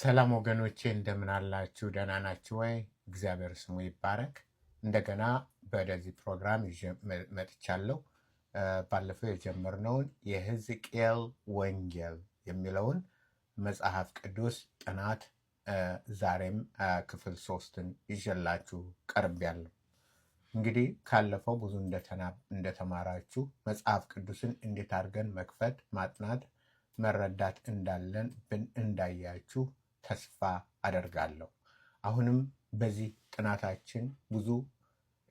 ሰላም ወገኖቼ እንደምን አላችሁ? ደህና ናችሁ ወይ? እግዚአብሔር ስሙ ይባረክ። እንደገና በደዚህ ፕሮግራም መጥቻለሁ። ባለፈው የጀመርነውን የሕዝቅኤል ወንጌል የሚለውን መጽሐፍ ቅዱስ ጥናት ዛሬም ክፍል ሶስትን ይዤላችሁ ቀርቤያለሁ። እንግዲህ ካለፈው ብዙ እንደተማራችሁ መጽሐፍ ቅዱስን እንዴት አድርገን መክፈት፣ ማጥናት፣ መረዳት እንዳለን ብን እንዳያችሁ ተስፋ አደርጋለሁ። አሁንም በዚህ ጥናታችን ብዙ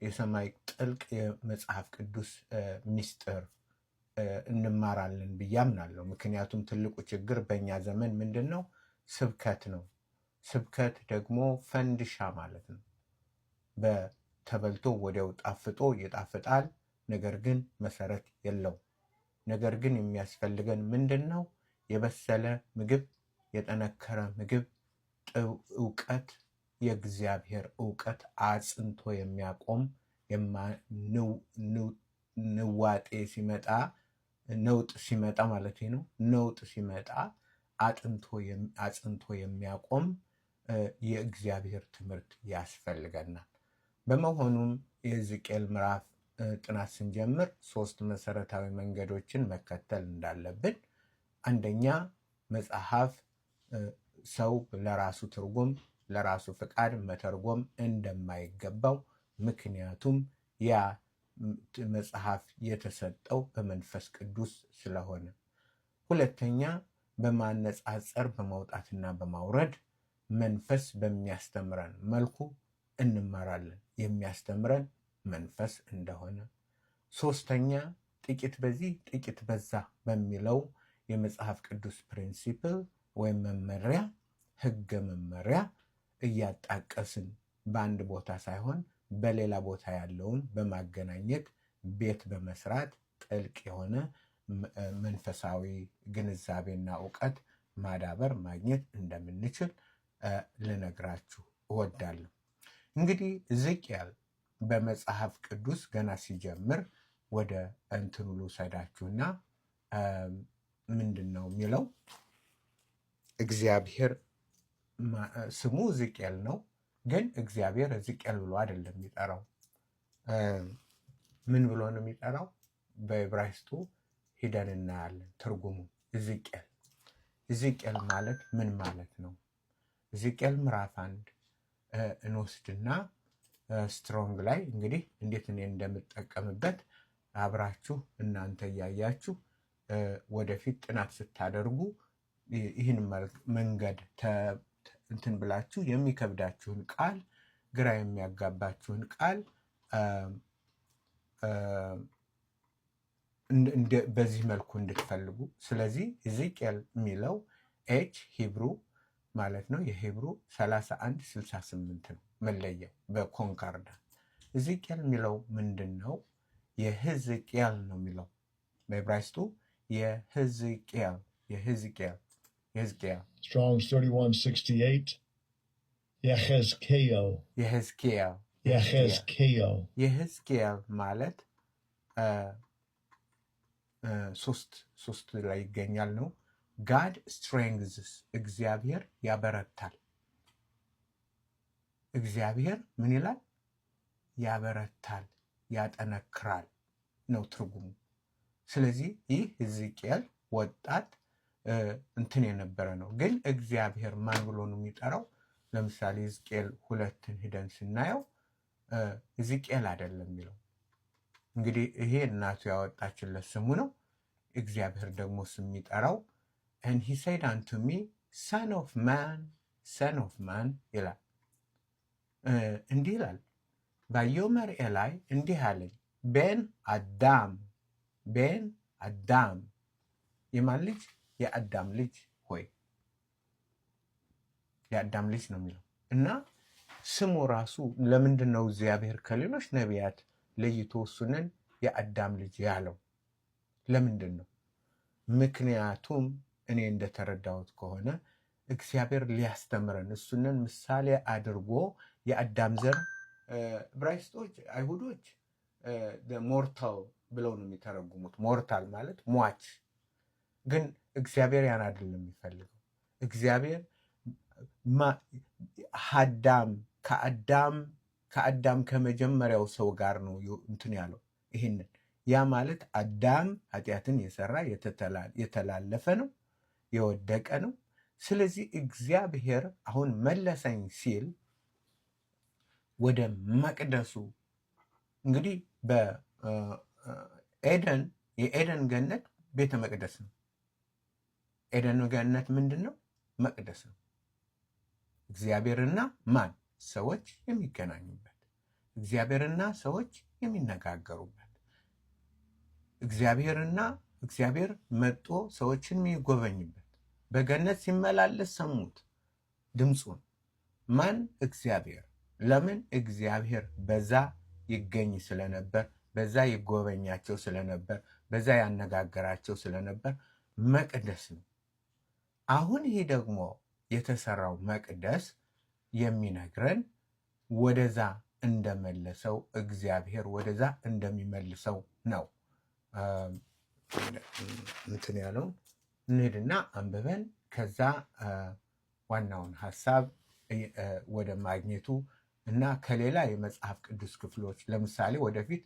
የሰማይ ጥልቅ የመጽሐፍ ቅዱስ ምስጢር እንማራለን ብዬ አምናለሁ። ምክንያቱም ትልቁ ችግር በእኛ ዘመን ምንድን ነው? ስብከት ነው። ስብከት ደግሞ ፈንድሻ ማለት ነው። በተበልቶ ወዲያው ጣፍጦ ይጣፍጣል፣ ነገር ግን መሰረት የለው። ነገር ግን የሚያስፈልገን ምንድን ነው? የበሰለ ምግብ የጠነከረ ምግብ፣ እውቀት፣ የእግዚአብሔር እውቀት አጽንቶ የሚያቆም ንዋጤ ሲመጣ ነውጥ ሲመጣ ማለት ነው። ነውጥ ሲመጣ አጽንቶ የሚያቆም የእግዚአብሔር ትምህርት ያስፈልገናል። በመሆኑም የሕዝቅኤል ምዕራፍ ጥናት ስንጀምር ሶስት መሰረታዊ መንገዶችን መከተል እንዳለብን፣ አንደኛ መጽሐፍ ሰው ለራሱ ትርጉም ለራሱ ፍቃድ መተርጎም እንደማይገባው ምክንያቱም ያ መጽሐፍ የተሰጠው በመንፈስ ቅዱስ ስለሆነ። ሁለተኛ በማነጻጸር በማውጣትና በማውረድ መንፈስ በሚያስተምረን መልኩ እንመራለን። የሚያስተምረን መንፈስ እንደሆነ። ሶስተኛ ጥቂት በዚህ ጥቂት በዛ በሚለው የመጽሐፍ ቅዱስ ፕሪንሲፕል ወይም መመሪያ ህገ መመሪያ እያጣቀስን በአንድ ቦታ ሳይሆን በሌላ ቦታ ያለውን በማገናኘት ቤት በመስራት ጥልቅ የሆነ መንፈሳዊ ግንዛቤና እውቀት ማዳበር ማግኘት እንደምንችል ልነግራችሁ እወዳለሁ። እንግዲህ ሕዝቅኤል በመጽሐፍ ቅዱስ ገና ሲጀምር ወደ እንትኑ ልውሰዳችሁና ምንድን ነው የሚለው እግዚአብሔር ስሙ ዝቅኤል ነው። ግን እግዚአብሔር ዝቅኤል ብሎ አይደለም የሚጠራው። ምን ብሎ ነው የሚጠራው? በዕብራይስጡ ሂደን እናያለን ትርጉሙ። ዝቅኤል ዝቅኤል ማለት ምን ማለት ነው? ዝቅኤል ምዕራፍ አንድ እንወስድና ስትሮንግ ላይ እንግዲህ እንዴት እኔ እንደምጠቀምበት አብራችሁ እናንተ እያያችሁ ወደፊት ጥናት ስታደርጉ ይህን መንገድ እንትን ብላችሁ የሚከብዳችሁን ቃል ግራ የሚያጋባችሁን ቃል በዚህ መልኩ እንድትፈልጉ። ስለዚህ ኢዚቅኤል የሚለው ኤች ሂብሩ ማለት ነው። የሂብሩ 31 68 ነው መለያው በኮንካርዳ። ኢዚቅኤል የሚለው ምንድን ነው? የህዝቅኤል ነው የሚለው በዕብራይስጡ የህዝቅኤል የህዝቅኤል ሕዝቅያ Strong's 3168. የሕዝቅኤል የሕዝቅኤል የሕዝቅኤል ማለት uh, uh, ሶስት ሶስት ላይ ይገኛል ነው። ጋድ ስትሬንግዝስ እግዚአብሔር ያበረታል። እግዚአብሔር ምን ይላል? ያበረታል፣ ያጠነክራል ነው ትርጉሙ። ስለዚህ ይህ ሕዝቅኤል ወጣት እንትን የነበረ ነው። ግን እግዚአብሔር ማን ብሎ ነው የሚጠራው? ለምሳሌ ሕዝቅኤል ሁለትን ሂደን ስናየው ሕዝቅኤል አይደለም የሚለው እንግዲህ ይሄ እናቱ ያወጣችለት ስሙ ነው። እግዚአብሔር ደግሞ ስሚጠራው and he said unto me ሰን ኦፍ ማን ይላል። እንዲህ ይላል መርኤ ላይ እንዲህ አለኝ ቤን አዳም ቤን አዳም የማን ልጅ የአዳም ልጅ ሆይ የአዳም ልጅ ነው የሚለው እና ስሙ ራሱ ለምንድን ነው እግዚአብሔር ከሌሎች ነቢያት ለይቶ እሱንን የአዳም ልጅ ያለው ለምንድን ነው? ምክንያቱም እኔ እንደተረዳሁት ከሆነ እግዚአብሔር ሊያስተምረን እሱንን ምሳሌ አድርጎ የአዳም ዘር ዕብራይስጦች፣ አይሁዶች ሞርታል ብለው ነው የሚተረጉሙት። ሞርታል ማለት ሟች ግን እግዚአብሔር ያን አይደለም የሚፈልገው። እግዚአብሔር ሀዳም ከአዳም ከአዳም ከመጀመሪያው ሰው ጋር ነው እንትን ያለው ይህንን ያ ማለት አዳም ኃጢአትን የሰራ የተላለፈ ነው የወደቀ ነው። ስለዚህ እግዚአብሔር አሁን መለሰኝ ሲል ወደ መቅደሱ እንግዲህ በኤደን የኤደን ገነት ቤተ መቅደስ ነው። ኤደን ገነት ምንድን ነው? መቅደስ ነው። እግዚአብሔርና ማን ሰዎች የሚገናኙበት፣ እግዚአብሔርና ሰዎች የሚነጋገሩበት፣ እግዚአብሔርና እግዚአብሔር መጦ ሰዎችን የሚጎበኝበት። በገነት ሲመላለስ ሰሙት ድምፁን። ማን? እግዚአብሔር። ለምን? እግዚአብሔር በዛ ይገኝ ስለነበር፣ በዛ ይጎበኛቸው ስለነበር፣ በዛ ያነጋገራቸው ስለነበር መቅደስ ነው። አሁን ይሄ ደግሞ የተሰራው መቅደስ የሚነግረን ወደዛ እንደመለሰው እግዚአብሔር ወደዛ እንደሚመልሰው ነው። እንትን ያለው እንሄድና አንብበን ከዛ ዋናውን ሀሳብ ወደ ማግኘቱ እና ከሌላ የመጽሐፍ ቅዱስ ክፍሎች ለምሳሌ ወደፊት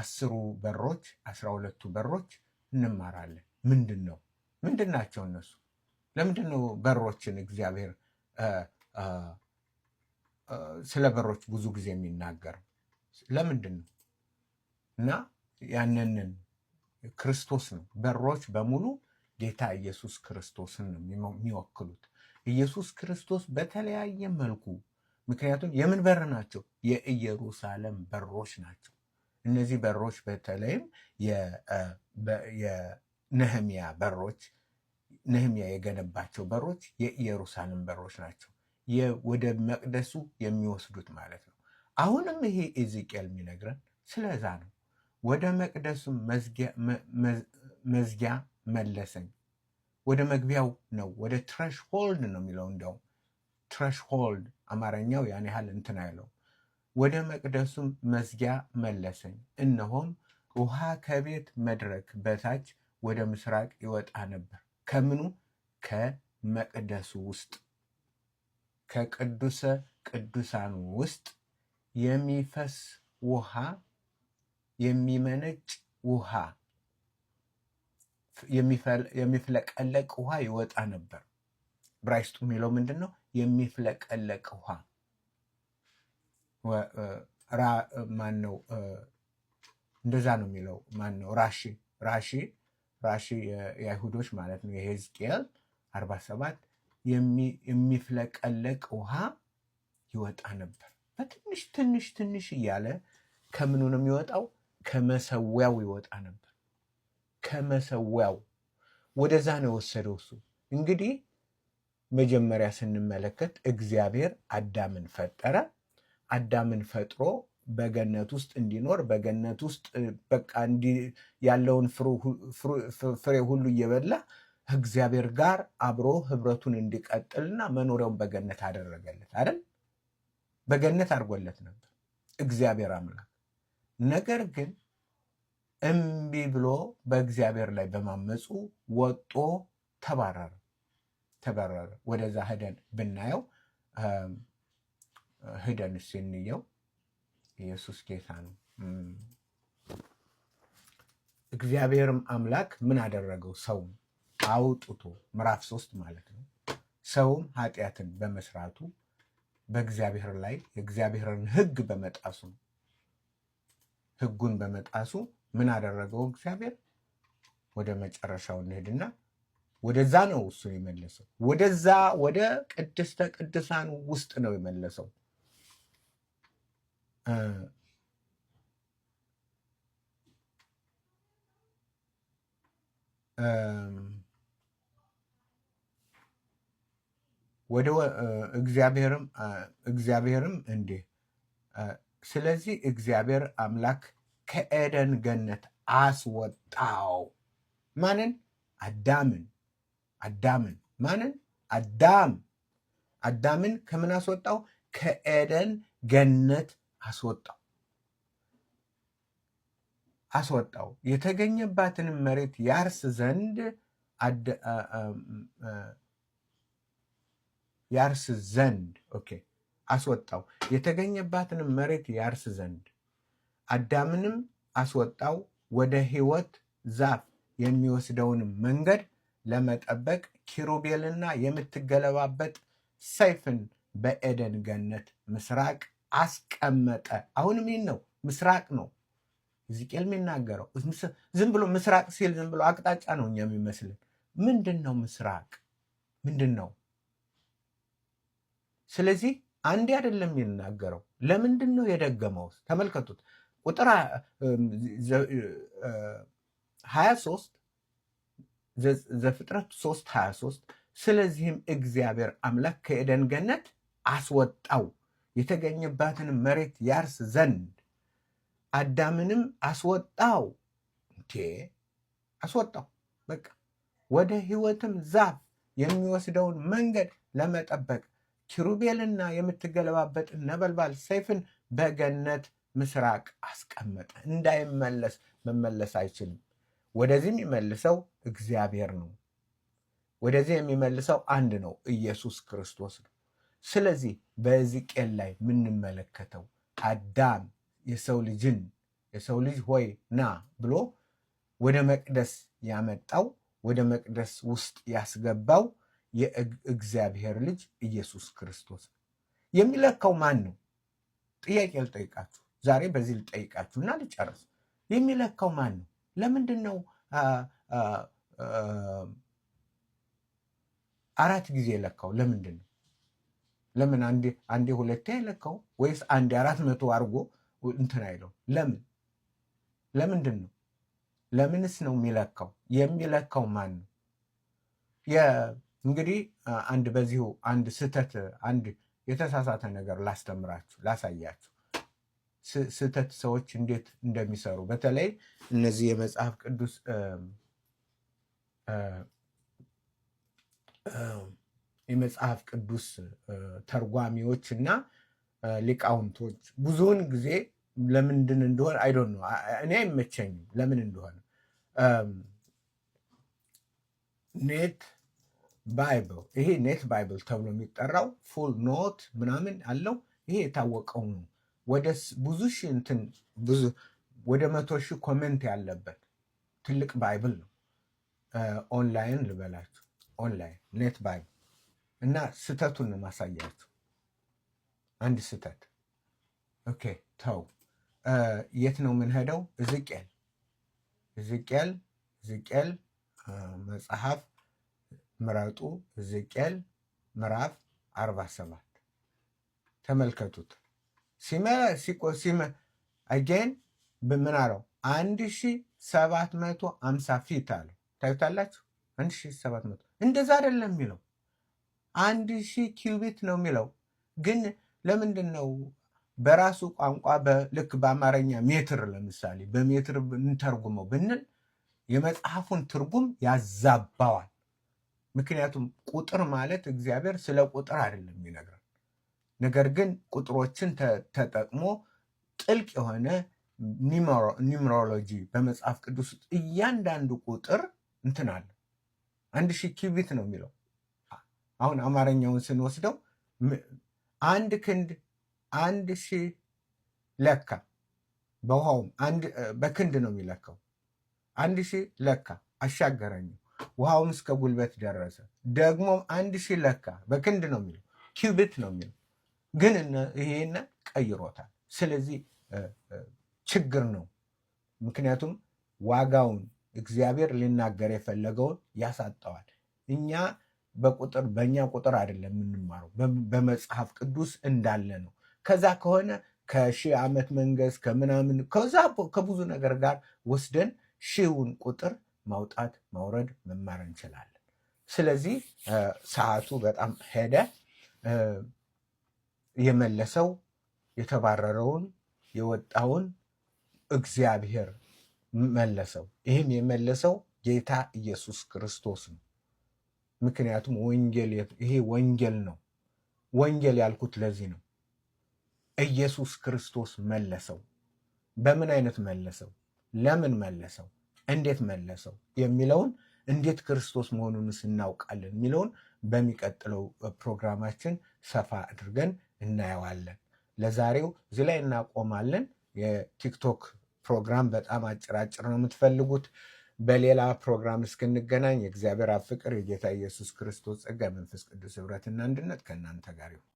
አስሩ በሮች አስራ ሁለቱ በሮች እንማራለን ምንድን ነው ምንድን ናቸው እነሱ? ለምንድን ነው በሮችን እግዚአብሔር ስለ በሮች ብዙ ጊዜ የሚናገር ለምንድን ነው? እና ያንንን ክርስቶስ ነው። በሮች በሙሉ ጌታ ኢየሱስ ክርስቶስን ነው የሚወክሉት። ኢየሱስ ክርስቶስ በተለያየ መልኩ ምክንያቱም የምን በር ናቸው? የኢየሩሳሌም በሮች ናቸው። እነዚህ በሮች በተለይም ነህሚያ በሮች ነህሚያ የገነባቸው በሮች የኢየሩሳሌም በሮች ናቸው። ወደ መቅደሱ የሚወስዱት ማለት ነው። አሁንም ይሄ ኤዚቅኤል የሚነግረን ስለዛ ነው። ወደ መቅደሱ መዝጊያ መለሰኝ። ወደ መግቢያው ነው፣ ወደ ትረሽሆልድ ነው የሚለው እንደውም ትረሽሆልድ አማርኛው ያን ያህል እንትን አይለው። ወደ መቅደሱም መዝጊያ መለሰኝ፣ እነሆም ውሃ ከቤት መድረክ በታች ወደ ምስራቅ ይወጣ ነበር። ከምኑ? ከመቅደሱ ውስጥ ከቅዱሰ ቅዱሳን ውስጥ የሚፈስ ውሃ የሚመነጭ ውሃ የሚፍለቀለቅ ውሃ ይወጣ ነበር። ብራይስጡ የሚለው ምንድን ነው? የሚፍለቀለቅ ውሃ ማን ነው? እንደዛ ነው የሚለው ማን ነው? ራሺ ራሺ ራሺ የአይሁዶች ማለት ነው የሄዝቅኤል 47 የሚፍለቀለቅ ውሃ ይወጣ ነበር። በትንሽ ትንሽ ትንሽ እያለ ከምኑ ነው የሚወጣው? ከመሰዊያው ይወጣ ነበር። ከመሰዊያው ወደዛ ነው የወሰደው እሱ። እንግዲህ መጀመሪያ ስንመለከት እግዚአብሔር አዳምን ፈጠረ። አዳምን ፈጥሮ በገነት ውስጥ እንዲኖር በገነት ውስጥ በቃ ያለውን ፍሬ ሁሉ እየበላ እግዚአብሔር ጋር አብሮ ህብረቱን እንዲቀጥልና መኖሪያውን በገነት አደረገለት አይደል? በገነት አድርጎለት ነበር እግዚአብሔር አምላክ። ነገር ግን እምቢ ብሎ በእግዚአብሔር ላይ በማመፁ ወጦ ተባረረ ተባረረ። ወደዛ ሂደን ብናየው ሂደን እስኪ እንየው። ኢየሱስ ጌታ ነው። እግዚአብሔርም አምላክ ምን አደረገው? ሰውም አውጥቶ ምዕራፍ ሶስት ማለት ነው። ሰውም ኃጢአትን በመስራቱ በእግዚአብሔር ላይ የእግዚአብሔርን ሕግ በመጣሱ ሕጉን በመጣሱ ምን አደረገው? እግዚአብሔር ወደ መጨረሻው እንሄድና ወደዛ ነው እሱ የመለሰው። ወደዛ ወደ ቅድስተ ቅዱሳን ውስጥ ነው የመለሰው። ወደ እግዚአብሔርም እግዚአብሔርም እንዲህ ስለዚህ እግዚአብሔር አምላክ ከኤደን ገነት አስወጣው። ማንን? አዳምን። አዳምን ማንን? አዳም አዳምን ከምን አስወጣው? ከኤደን ገነት አስወጣው አስወጣው የተገኘባትን መሬት ያርስ ዘንድ ያርስ ዘንድ ኦኬ አስወጣው የተገኘባትን መሬት ያርስ ዘንድ አዳምንም አስወጣው ወደ ሕይወት ዛፍ የሚወስደውን መንገድ ለመጠበቅ ኪሩቤልና የምትገለባበት ሰይፍን በኤደን ገነት ምስራቅ አስቀመጠ። አሁን ምን ነው፣ ምስራቅ ነው ሕዝቅኤል የሚናገረው። ዝም ብሎ ምስራቅ ሲል ዝም ብሎ አቅጣጫ ነው እኛ የሚመስልን። ምንድን ነው ምስራቅ ምንድን ነው? ስለዚህ አንዴ አይደለም የሚናገረው። ለምንድን ነው የደገመው? ተመልከቱት ቁጥር ሀያ ዘፍጥረት ሦስት ሀያ ስለዚህም እግዚአብሔር አምላክ ከኤደን ገነት አስወጣው የተገኘባትን መሬት ያርስ ዘንድ አዳምንም አስወጣው እንዴ አስወጣው በቃ ወደ ህይወትም ዛፍ የሚወስደውን መንገድ ለመጠበቅ ኪሩቤልና የምትገለባበጥ ነበልባል ሰይፍን በገነት ምስራቅ አስቀመጠ። እንዳይመለስ መመለስ አይችልም። ወደዚህ የሚመልሰው እግዚአብሔር ነው። ወደዚህ የሚመልሰው አንድ ነው፣ ኢየሱስ ክርስቶስ ነው። ስለዚህ በዚህ ላይ የምንመለከተው አዳም የሰው ልጅን የሰው ልጅ ሆይ ና ብሎ ወደ መቅደስ ያመጣው ወደ መቅደስ ውስጥ ያስገባው የእግዚአብሔር ልጅ ኢየሱስ ክርስቶስ ነው። የሚለካው ማን ነው? ጥያቄ ልጠይቃችሁ። ዛሬ በዚህ ልጠይቃችሁ እና ልጨርስ። የሚለካው ማን ነው? ለምንድን ነው አራት ጊዜ የለካው? ለምንድን ነው ለምን አንዴ ሁለቴ አይለካው? ወይስ አንዴ አራት መቶ አድርጎ እንትን አይለው? ለምን ለምንድን ነው ለምንስ ነው የሚለካው? የሚለካው ማን ነው? እንግዲህ አንድ በዚሁ አንድ ስህተት አንድ የተሳሳተ ነገር ላስተምራችሁ ላሳያችሁ፣ ስህተት ሰዎች እንዴት እንደሚሰሩ በተለይ እነዚህ የመጽሐፍ ቅዱስ የመጽሐፍ ቅዱስ ተርጓሚዎች እና ሊቃውንቶች ብዙውን ጊዜ ለምንድን እንደሆነ አይዶን ነው እኔ አይመቸኝም። ለምን እንደሆነ ኔት ባይብል ይሄ ኔት ባይብል ተብሎ የሚጠራው ፉል ኖት ምናምን አለው። ይሄ የታወቀው ነው። ወደ ብዙ ሺህ እንትን ብዙ ወደ መቶ ሺህ ኮሜንት ያለበት ትልቅ ባይብል ነው። ኦንላይን ልበላችሁ ኦንላይን ኔት ባይብል እና ስህተቱን ነው አንድ ስህተት ኦኬ፣ ተው። የት ነው የምንሄደው? ዝቅል ዝቅል ዝቅል መጽሐፍ ምረጡ። ዝቅል ምዕራፍ አርባ ሰባት ተመልከቱት። አጌን ምን አለው? አንድ ሺ ሰባት መቶ አምሳ ፊት አለው። ታዩታላችሁ። አንድ ሺ ሰባት መቶ እንደዛ አይደለም የሚለው አንድ ሺህ ኪዩቢት ነው የሚለው ግን ለምንድን ነው በራሱ ቋንቋ ልክ በአማርኛ ሜትር ለምሳሌ በሜትር እንተርጉመው ብንል የመጽሐፉን ትርጉም ያዛባዋል። ምክንያቱም ቁጥር ማለት እግዚአብሔር ስለ ቁጥር አይደለም የሚነግረን፣ ነገር ግን ቁጥሮችን ተጠቅሞ ጥልቅ የሆነ ኒምሮሎጂ በመጽሐፍ ቅዱስ ውስጥ እያንዳንዱ ቁጥር እንትን አለ። አንድ ሺህ ኪቢት ነው የሚለው አሁን አማርኛውን ስንወስደው አንድ ክንድ አንድ ሺ ለካ። በውሃውም በክንድ ነው የሚለካው። አንድ ሺ ለካ አሻገረኝው፣ ውሃውም እስከ ጉልበት ደረሰ። ደግሞም አንድ ሺ ለካ በክንድ ነው የሚለው፣ ኪዩቢት ነው የሚለው። ግን ይሄን ቀይሮታል። ስለዚህ ችግር ነው። ምክንያቱም ዋጋውን እግዚአብሔር ሊናገር የፈለገውን ያሳጠዋል እኛ በቁጥር በእኛ ቁጥር አይደለም የምንማረው፣ በመጽሐፍ ቅዱስ እንዳለ ነው። ከዛ ከሆነ ከሺህ ዓመት መንገስ ከምናምን ከዛ ከብዙ ነገር ጋር ወስደን ሺውን ቁጥር ማውጣት ማውረድ መማር እንችላለን። ስለዚህ ሰዓቱ በጣም ሄደ። የመለሰው የተባረረውን የወጣውን እግዚአብሔር መለሰው። ይህም የመለሰው ጌታ ኢየሱስ ክርስቶስ ነው። ምክንያቱም ወንጌል ይሄ ወንጌል ነው። ወንጌል ያልኩት ለዚህ ነው። ኢየሱስ ክርስቶስ መለሰው። በምን አይነት መለሰው? ለምን መለሰው? እንዴት መለሰው? የሚለውን እንዴት ክርስቶስ መሆኑንስ እናውቃለን የሚለውን በሚቀጥለው ፕሮግራማችን ሰፋ አድርገን እናየዋለን። ለዛሬው እዚህ ላይ እናቆማለን። የቲክቶክ ፕሮግራም በጣም አጭር አጭር ነው የምትፈልጉት በሌላ ፕሮግራም እስክንገናኝ የእግዚአብሔር አብ ፍቅር፣ የጌታ ኢየሱስ ክርስቶስ ጸጋ፣ መንፈስ ቅዱስ ህብረትና አንድነት ከእናንተ ጋር ይሁን።